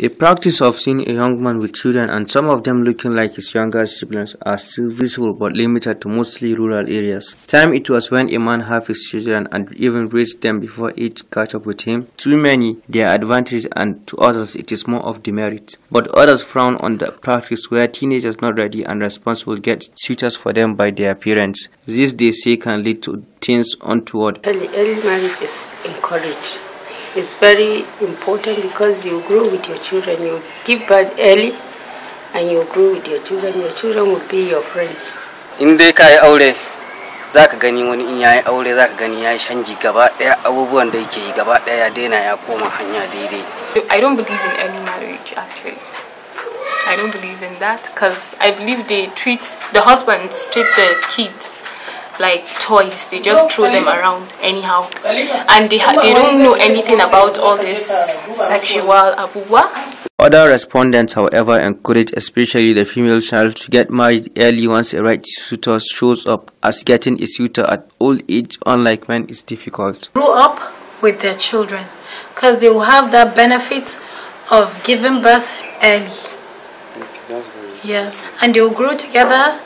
A practice of seeing a young man with children and some of them looking like his younger siblings are still visible but limited to mostly rural areas. Time it was when a man had his children and even raised them before each catch up with him. To many, their advantage and to others it is more of demerit. But others frown on the practice where teenagers not ready and responsible get suitors for them by their parents. This they say can lead to things untoward. Early, early marriage is encouraged it's very important because you grow with your children. You give birth early and you grow with your children. Your children will be your friends. In aure, gani in aure gani gaba gaba hanya I don't believe in early marriage actually. I don't believe in that because I believe they treat the husbands treat the kids like toys they just throw them around anyhow and they, they don't know anything about all this sexual abuwa other respondents however encourage especially the female child to get married early once a right suitor shows up as getting a suitor at old age unlike men is difficult grow up with their children because they will have that benefit of giving birth early yes and they will grow together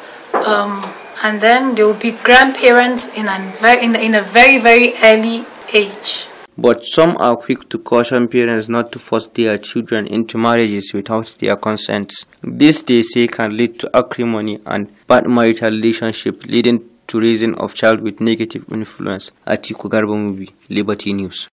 um, and then they will be grandparents in a very, in a very, very early age. But some are quick to caution parents not to force their children into marriages without their consent. This they say can lead to acrimony and bad marital relationship, leading to raising of child with negative influence. Atiku Garba Movie, Liberty News.